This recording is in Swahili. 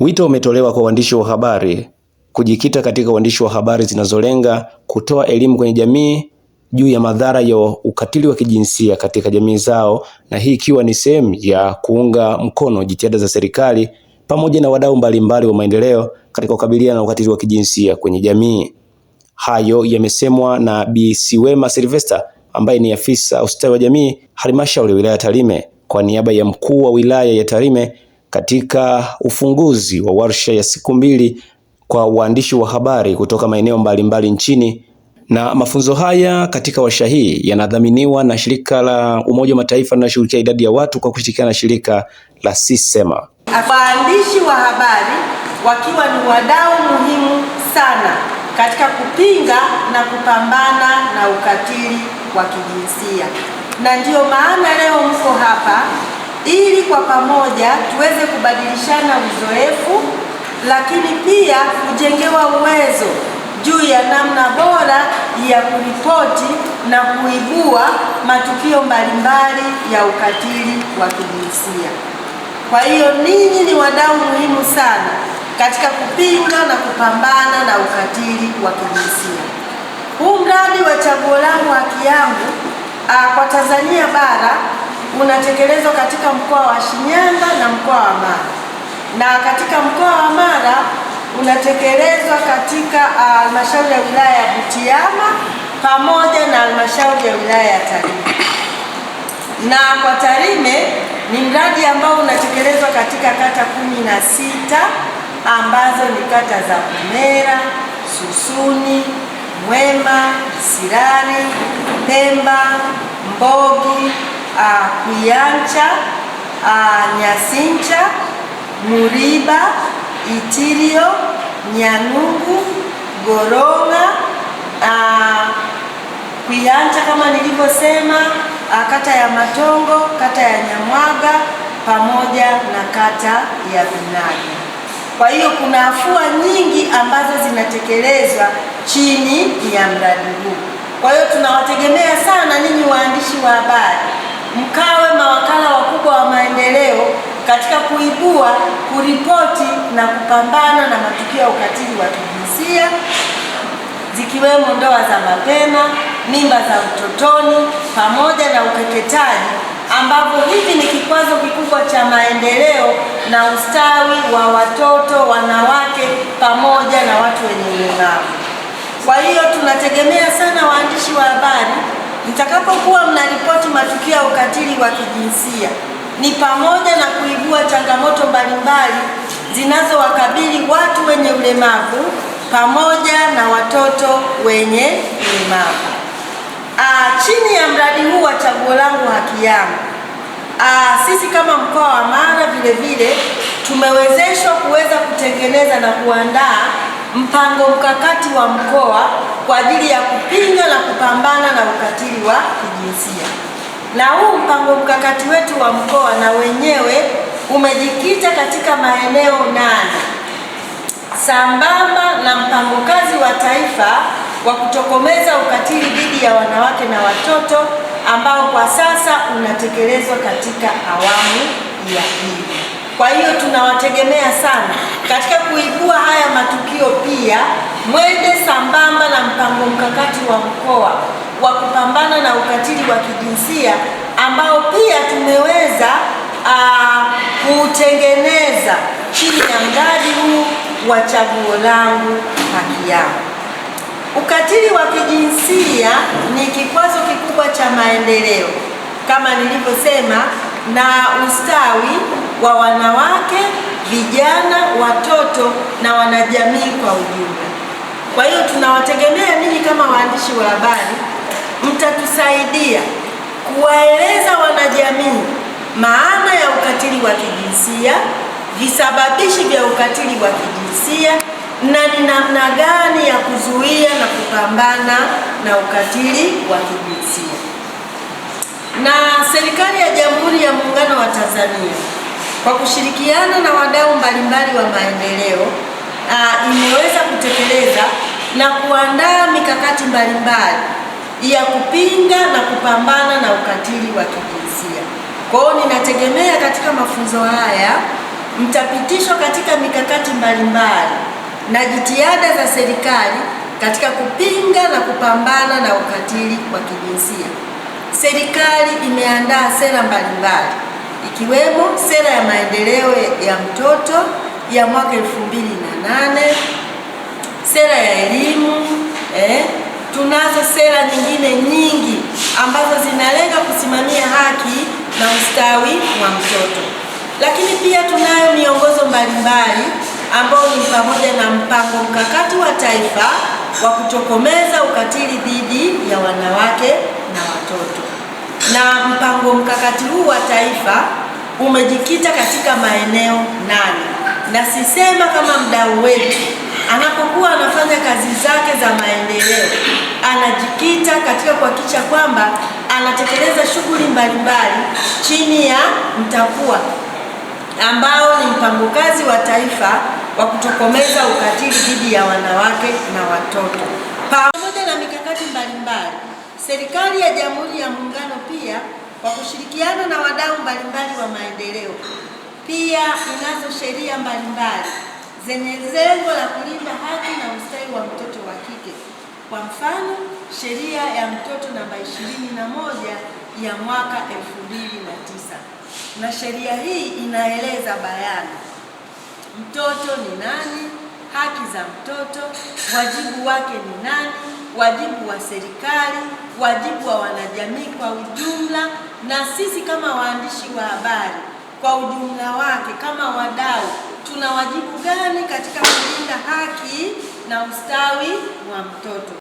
Wito umetolewa kwa waandishi wa habari kujikita katika uandishi wa habari zinazolenga kutoa elimu kwenye jamii juu ya madhara ya ukatili wa kijinsia katika jamii zao, na hii ikiwa ni sehemu ya kuunga mkono jitihada za serikali pamoja na wadau mbalimbali wa maendeleo katika kukabiliana na ukatili wa kijinsia kwenye jamii. Hayo yamesemwa na Bi Siwema Sylvester ambaye ni afisa ustawi wa jamii halmashauri ya wilaya Tarime kwa niaba ya mkuu wa wilaya ya Tarime katika ufunguzi wa warsha ya siku mbili kwa waandishi wa habari kutoka maeneo mbalimbali nchini na mafunzo haya katika warsha hii yanadhaminiwa na shirika la Umoja wa Mataifa linaloshughulikia idadi ya watu kwa kushirikiana na shirika la Sisema. Waandishi wa habari wakiwa ni wadau muhimu sana katika kupinga na kupambana na ukatili wa kijinsia, na ndiyo maana leo mko hapa ili kwa pamoja tuweze kubadilishana uzoefu, lakini pia kujengewa uwezo juu ya namna bora ya kuripoti na kuibua matukio mbalimbali ya ukatili wa kijinsia. Kwa hiyo ninyi ni wadau muhimu sana katika kupinga na kupambana na ukatili wa kijinsia. Huu mradi wa Chaguo Langu Haki Yangu kwa Tanzania Bara unatekelezwa katika mkoa wa Shinyanga na mkoa wa Mara, na katika mkoa wa Mara unatekelezwa katika ah, halmashauri uh, ya wilaya ya Butiama pamoja na halmashauri ya wilaya ya Tarime. Na kwa Tarime ni mradi ambao unatekelezwa katika kata kumi na sita ambazo ni kata za Vumera, Susuni, Mwema, Sirari, Pemba, Mbogi uh, ah, Kuyancha, uh, ah, Nyasincha, Muriba, Itirio, Nyanungu, Goronga, uh, ah, Kuyancha kama nilivyosema, uh, kata ya Matongo, kata ya Nyamwaga pamoja na kata ya Vinagi. Kwa hiyo kuna afua nyingi ambazo zinatekelezwa chini ya mradi huu. Kwa hiyo tunawategemea sana ninyi waandishi wa habari mkawe mawakala wakubwa wa maendeleo katika kuibua, kuripoti na kupambana na matukio ya ukatili wa kijinsia zikiwemo ndoa za mapema, mimba za utotoni pamoja na ukeketaji, ambapo hivi ni kikwazo kikubwa cha maendeleo na ustawi wa watoto, wanawake pamoja na watu wenye ulemavu. Kwa hiyo tunategemea sana waandishi wa habari Mtakapokuwa mnaripoti matukio ya ukatili wa kijinsia, ni pamoja na kuibua changamoto mbalimbali zinazowakabili watu wenye ulemavu pamoja na watoto wenye ulemavu. Ah, chini ya mradi huu wa Chaguo Langu Haki Yangu, ah, sisi kama mkoa wa Mara vilevile tumewezeshwa kuweza kutengeneza na kuandaa mpango mkakati wa mkoa kwa ajili ya kupinga na kupambana na ukatili wa kijinsia. Na huu mpango mkakati wetu wa mkoa na wenyewe umejikita katika maeneo nane sambamba na mpango kazi wa taifa wa kutokomeza ukatili dhidi ya wanawake na watoto ambao kwa sasa unatekelezwa katika awamu ya pili. Kwa hiyo tunawategemea sana katika kuibua haya matukio. Pia mwende sambamba na mpango mkakati wa mkoa wa kupambana na ukatili wa kijinsia ambao pia tumeweza uh, kuutengeneza chini ya mradi huu wa Chaguo Langu Haki Yako. Ukatili wa kijinsia ni kikwazo kikubwa cha maendeleo kama nilivyosema na ustawi wa wanawake, vijana, watoto na wanajamii kwa ujumla. Kwa hiyo tunawategemea ninyi kama waandishi wa habari mtatusaidia kuwaeleza wanajamii maana ya ukatili wa kijinsia, visababishi vya ukatili wa kijinsia na ni namna gani ya kuzuia na kupambana na ukatili wa kijinsia. Na serikali ya Jamhuri ya Muungano wa Tanzania kwa kushirikiana na wadau mbalimbali wa maendeleo uh, imeweza kutekeleza na kuandaa mikakati mbalimbali ya kupinga na kupambana na ukatili wa kijinsia. Kwa hiyo ninategemea katika mafunzo haya mtapitishwa katika mikakati mbalimbali na jitihada za serikali katika kupinga na kupambana na ukatili wa kijinsia. Serikali imeandaa sera mbalimbali ikiwemo sera ya maendeleo ya mtoto ya mwaka nane sera ya elimu eh. Tunazo sera nyingine nyingi ambazo zinalenga kusimamia haki na ustawi wa mtoto, lakini pia tunayo miongozo mbalimbali ambayo ni pamoja na mpango mkakati wa taifa wa kutokomeza ukatili dhidi ya wanawake na watoto. Na mpango mkakati huu wa taifa umejikita katika maeneo nane, na sisema kama mdau wetu anapokuwa anafanya kazi zake za maendeleo anajikita katika kuhakikisha kwamba anatekeleza shughuli mbalimbali chini ya MTAKUWA ambao ni mpango kazi wa taifa wa kutokomeza ukatili dhidi ya wanawake na watoto pamoja na mikakati mbalimbali Serikali ya Jamhuri ya Muungano pia kwa kushirikiana na wadau mbalimbali wa maendeleo pia inazo sheria mbalimbali zenye lengo la kulinda haki na ustawi wa mtoto wa kike. Kwa mfano, sheria ya mtoto namba 21 na moja ya mwaka elfu na tisa na sheria hii inaeleza bayana mtoto ni nani, haki za mtoto, wajibu wake ni nani wajibu wa serikali, wajibu wa wanajamii kwa ujumla, na sisi kama waandishi wa habari kwa ujumla wake, kama wadau, tuna wajibu gani katika kulinda haki na ustawi wa mtoto?